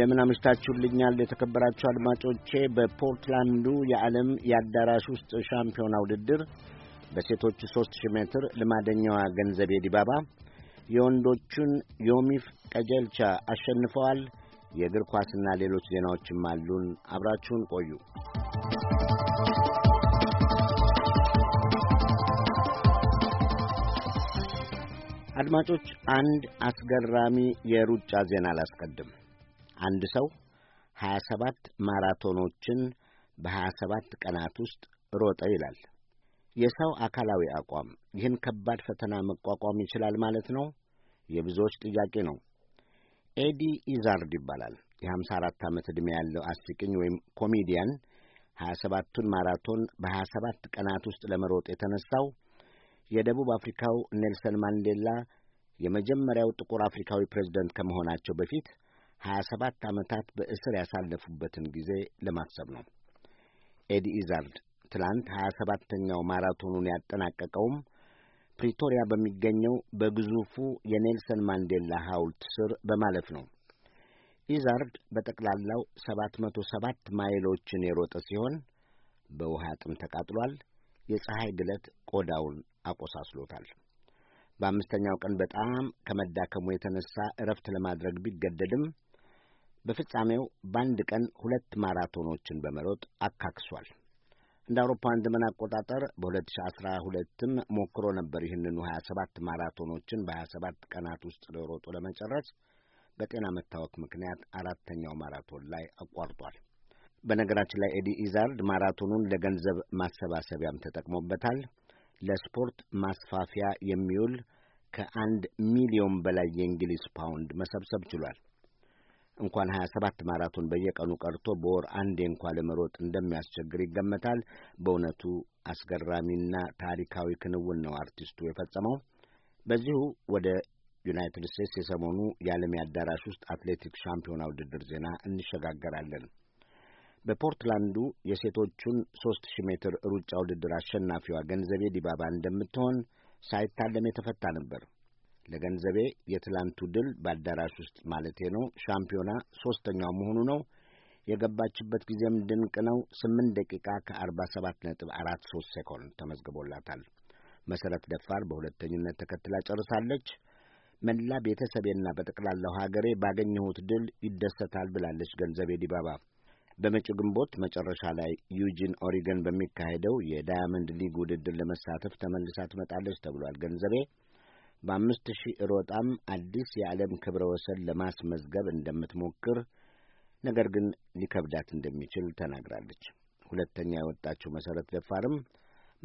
እንደምን አምሽታችሁልኛል የተከበራችሁ አድማጮቼ። በፖርትላንዱ የዓለም የአዳራሽ ውስጥ ሻምፒዮና ውድድር በሴቶች 3000 ሜትር ልማደኛዋ ገንዘቤ ዲባባ የወንዶቹን ዮሚፍ ቀጀልቻ አሸንፈዋል። የእግር ኳስና ሌሎች ዜናዎችም አሉን። አብራችሁን ቆዩ። አድማጮች፣ አንድ አስገራሚ የሩጫ ዜና አላስቀድም። አንድ ሰው 27 ማራቶኖችን በ27 ቀናት ውስጥ ሮጠ ይላል። የሰው አካላዊ አቋም ይህን ከባድ ፈተና መቋቋም ይችላል ማለት ነው? የብዙዎች ጥያቄ ነው። ኤዲ ኢዛርድ ይባላል። የ54 ዓመት ዕድሜ ያለው አስቂኝ ወይ ኮሚዲያን 27ቱን ማራቶን በ27 ቀናት ውስጥ ለመሮጥ የተነሳው የደቡብ አፍሪካው ኔልሰን ማንዴላ የመጀመሪያው ጥቁር አፍሪካዊ ፕሬዝዳንት ከመሆናቸው በፊት ሀያ ሰባት ዓመታት በእስር ያሳለፉበትን ጊዜ ለማሰብ ነው። ኤዲ ኢዛርድ ትላንት ሀያ ሰባተኛው ማራቶኑን ያጠናቀቀውም ፕሪቶሪያ በሚገኘው በግዙፉ የኔልሰን ማንዴላ ሐውልት ስር በማለፍ ነው። ኢዛርድ በጠቅላላው ሰባት መቶ ሰባት ማይሎችን የሮጠ ሲሆን በውሃ ጥም ተቃጥሏል። የፀሐይ ግለት ቆዳውን አቆሳስሎታል። በአምስተኛው ቀን በጣም ከመዳከሙ የተነሳ እረፍት ለማድረግ ቢገደድም በፍጻሜው በአንድ ቀን ሁለት ማራቶኖችን በመሮጥ አካክሷል። እንደ አውሮፓውያን ዘመን አቆጣጠር በ2012ም ሞክሮ ነበር። ይህንኑ 27 ማራቶኖችን በ27 ቀናት ውስጥ ለሮጡ ለመጨረስ በጤና መታወክ ምክንያት አራተኛው ማራቶን ላይ አቋርጧል። በነገራችን ላይ ኤዲ ኢዛርድ ማራቶኑን ለገንዘብ ማሰባሰቢያም ተጠቅሞበታል። ለስፖርት ማስፋፊያ የሚውል ከአንድ ሚሊዮን በላይ የእንግሊዝ ፓውንድ መሰብሰብ ችሏል። እንኳን 27 ማራቶን በየቀኑ ቀርቶ በወር አንዴ እንኳ ለመሮጥ እንደሚያስቸግር ይገመታል። በእውነቱ አስገራሚና ታሪካዊ ክንውን ነው አርቲስቱ የፈጸመው። በዚሁ ወደ ዩናይትድ ስቴትስ የሰሞኑ የዓለም አዳራሽ ውስጥ አትሌቲክስ ሻምፒዮና ውድድር ዜና እንሸጋገራለን። በፖርትላንዱ የሴቶቹን ሦስት ሺህ ሜትር ሩጫ ውድድር አሸናፊዋ ገንዘቤ ዲባባ እንደምትሆን ሳይታለም የተፈታ ነበር። ለገንዘቤ የትላንቱ ድል በአዳራሽ ውስጥ ማለቴ ነው ሻምፒዮና ሦስተኛው መሆኑ ነው። የገባችበት ጊዜም ድንቅ ነው። ስምንት ደቂቃ ከአርባ ሰባት ነጥብ አራት ሶስት ሴኮንድ ተመዝግቦላታል። መሰረት ደፋር በሁለተኝነት ተከትላ ጨርሳለች። መላ ቤተሰቤና በጠቅላላው ሀገሬ ባገኘሁት ድል ይደሰታል ብላለች ገንዘቤ ዲባባ። በመጪው ግንቦት መጨረሻ ላይ ዩጂን ኦሪገን በሚካሄደው የዳያመንድ ሊግ ውድድር ለመሳተፍ ተመልሳ ትመጣለች ተብሏል። ገንዘቤ በአምስት ሺህ ሮጣም አዲስ የዓለም ክብረ ወሰን ለማስመዝገብ እንደምትሞክር ነገር ግን ሊከብዳት እንደሚችል ተናግራለች። ሁለተኛ የወጣችው መሠረት ደፋርም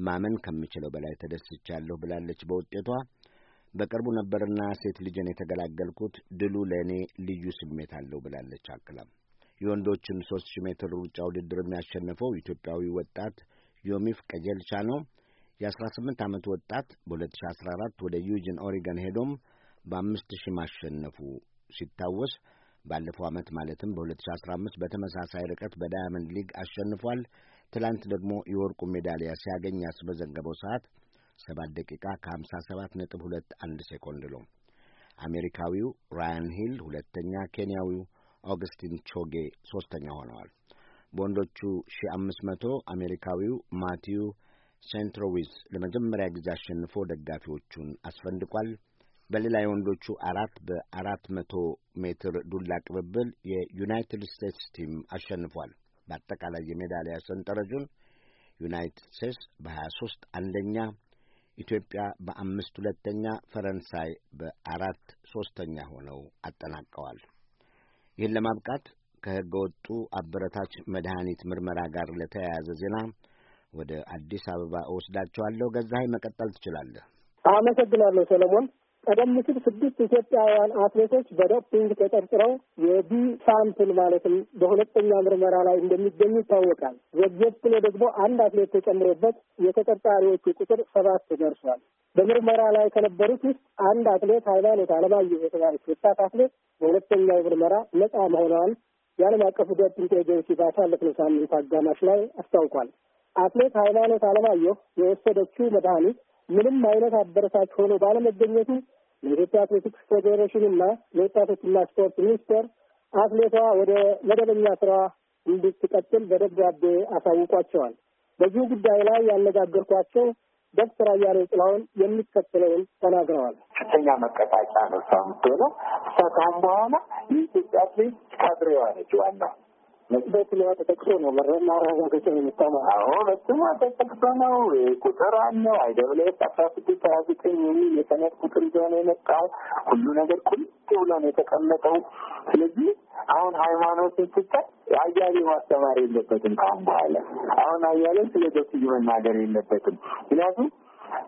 ማመን ከምችለው በላይ ተደስቻለሁ ብላለች። በውጤቷ በቅርቡ ነበርና ሴት ልጅን የተገላገልኩት ድሉ ለእኔ ልዩ ስሜት አለው ብላለች። አክላም የወንዶችን ሦስት ሺህ ሜትር ሩጫ ውድድር የሚያሸንፈው ኢትዮጵያዊ ወጣት ዮሚፍ ቀጀልቻ ነው። የ18 ዓመት ወጣት በ2014 ወደ ዩጂን ኦሪገን ሄዶም በአምስት ሺህ ማሸነፉ ሲታወስ ባለፈው ዓመት ማለትም በ2015 በተመሳሳይ ርቀት በዳያመንድ ሊግ አሸንፏል። ትላንት ደግሞ የወርቁ ሜዳሊያ ሲያገኝ ያስመዘገበው ሰዓት 7 ደቂቃ ከ57 ነጥብ 21 ሴኮንድ ነው። አሜሪካዊው ራያን ሂል ሁለተኛ፣ ኬንያዊው ኦግስቲን ቾጌ ሦስተኛ ሆነዋል። በወንዶቹ 1500 አሜሪካዊው ማቲዩ ሴንትሮዊዝ ለመጀመሪያ ጊዜ አሸንፎ ደጋፊዎቹን አስፈንድቋል። በሌላ የወንዶቹ አራት በአራት መቶ ሜትር ዱላ ቅብብል የዩናይትድ ስቴትስ ቲም አሸንፏል። በአጠቃላይ የሜዳሊያ ሰንጠረዡን ዩናይትድ ስቴትስ በሀያ ሦስት አንደኛ፣ ኢትዮጵያ በአምስት ሁለተኛ፣ ፈረንሳይ በአራት ሦስተኛ ሆነው አጠናቀዋል። ይህን ለማብቃት ከሕገ ወጡ አበረታች መድኃኒት ምርመራ ጋር ለተያያዘ ዜና ወደ አዲስ አበባ እወስዳቸዋለሁ። ገዛኸኝ መቀጠል ትችላለህ። አመሰግናለሁ ሰለሞን። ቀደም ሲል ስድስት ኢትዮጵያውያን አትሌቶች በዶፒንግ ተጠርጥረው የቢ ሳምፕል ማለትም በሁለተኛ ምርመራ ላይ እንደሚገኙ ይታወቃል። ዘግየት ደግሞ አንድ አትሌት ተጨምሮበት የተጠርጣሪዎቹ ቁጥር ሰባት ደርሷል። በምርመራ ላይ ከነበሩት ውስጥ አንድ አትሌት ሃይማኖት አለማየሁ የተባለች ወጣት አትሌት በሁለተኛው ምርመራ ነጻ መሆኗን የዓለም አቀፉ ዶፒንግ ኤጀንሲ ባሳለፍነው ሳምንት አጋማሽ ላይ አስታውቋል። አትሌት ሃይማኖት አለማየሁ የወሰደችው መድኃኒት ምንም አይነት አበረታች ሆኖ ባለመገኘቱ ለኢትዮጵያ አትሌቲክስ ፌዴሬሽን እና ለወጣቶችና ስፖርት ሚኒስቴር አትሌቷ ወደ መደበኛ ስራ እንድትቀጥል በደብዳቤ አሳውቋቸዋል። በዚሁ ጉዳይ ላይ ያነጋገርኳቸው ዶክተር አያሌው ጥላሁን የሚከተለውን ተናግረዋል። ከፍተኛ መቀጣጫ ነው ሳምቶ ነው እሷ በኋላ የኢትዮጵያ አትሌት ካድሬዋ ነች ዋናው መጽደት ላይ ተጠቅሶ ነው መረጃ ማረጋገጫ የሚጠማ አዎ በስሙ ተጠቅሶ ነው። ቁጥር አለ አይደብሌት አስራ ስድስት ሀያ ዘጠኝ የሚል የሰነድ ቁጥር ይዞ ነው የመጣው። ሁሉ ነገር ቁልጭ ብሎ ነው የተቀመጠው። ስለዚህ አሁን ሃይማኖትን ስታይ አያሌው ማስተማር የለበትም ከአሁን በኋላ አሁን አያሌው ስለ ዶክዩ መናገር የለበትም ምክንያቱም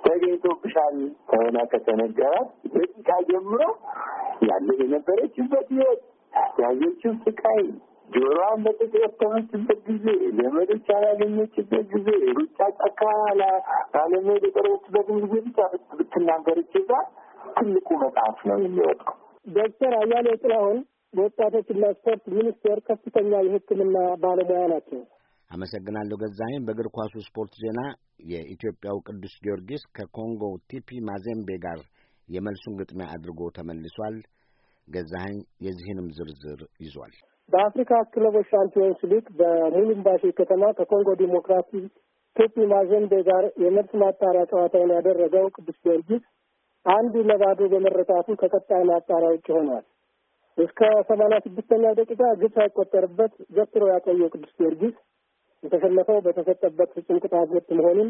ተገኝቶብሻል ተሆና ከተነገራት ደቂቃ ጀምሮ ያለ የነበረችበት ህይወት ያየችው ስቃይ ጆሮዋን በጥጥ የተመችበት ጊዜ፣ ዘመዶች ያላገኘችበት ጊዜ፣ ሩጫ ጫካ ላለመሄድ የቀረበችበት ጊዜ ብቻ ብትናገር ይችዛ ትልቁ መጽሐፍ ነው የሚወጣው። ዶክተር አያሌው ጥላሁን በወጣቶችና ስፖርት ሚኒስቴር ከፍተኛ የሕክምና ባለሙያ ናቸው። አመሰግናለሁ ገዛኸኝ። በእግር ኳሱ ስፖርት ዜና የኢትዮጵያው ቅዱስ ጊዮርጊስ ከኮንጎ ቲፒ ማዜምቤ ጋር የመልሱን ግጥሚያ አድርጎ ተመልሷል። ገዛኸኝ የዚህንም ዝርዝር ይዟል። በአፍሪካ ክለቦች ሻምፒዮንስ ሊግ በሙሉምባሺ ከተማ ከኮንጎ ዲሞክራሲ ቶፒ ማዘምቤ ጋር የመልስ ማጣሪያ ጨዋታውን ያደረገው ቅዱስ ጊዮርጊስ አንድ ለባዶ በመረታቱ ከቀጣይ ማጣሪያ ውጭ ሆኗል። እስከ ሰማንያ ስድስተኛው ደቂቃ ግብ ሳይቆጠርበት ዘትሮ ያቆየው ቅዱስ ጊዮርጊስ የተሸነፈው በተሰጠበት ፍጹም ቅጣት ምት መሆኑን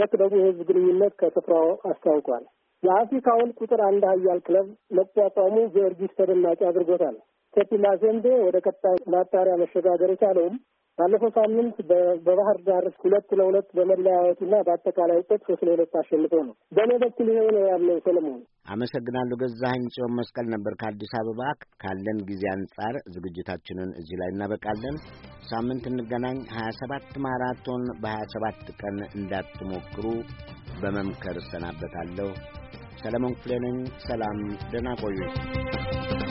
የክለቡ የሕዝብ ግንኙነት ከስፍራው አስታውቋል። የአፍሪካውን ቁጥር አንድ ኃያል ክለብ መቋቋሙ ጊዮርጊስ ተደናቂ አድርጎታል። ኮፒ ማዜምቤ ወደ ቀጣይ ማጣሪያ መሸጋገር የቻለውም ባለፈው ሳምንት በባህር ዳር ሁለት ለሁለት በመለያየቱና በአጠቃላይ ውጤት ሶስት ለሁለት አሸንፎ ነው። በእኔ በኩል ይሄ ነው ያለው። ሰለሞን አመሰግናለሁ። ገዛኸኝ ጽዮን መስቀል ነበር ከአዲስ አበባ። ካለን ጊዜ አንጻር ዝግጅታችንን እዚህ ላይ እናበቃለን። ሳምንት እንገናኝ። ሀያ ሰባት ማራቶን በሀያ ሰባት ቀን እንዳትሞክሩ በመምከር እሰናበታለሁ። ሰለሞን ክፍሌ ነኝ። ሰላም፣ ደህና ቆዩ።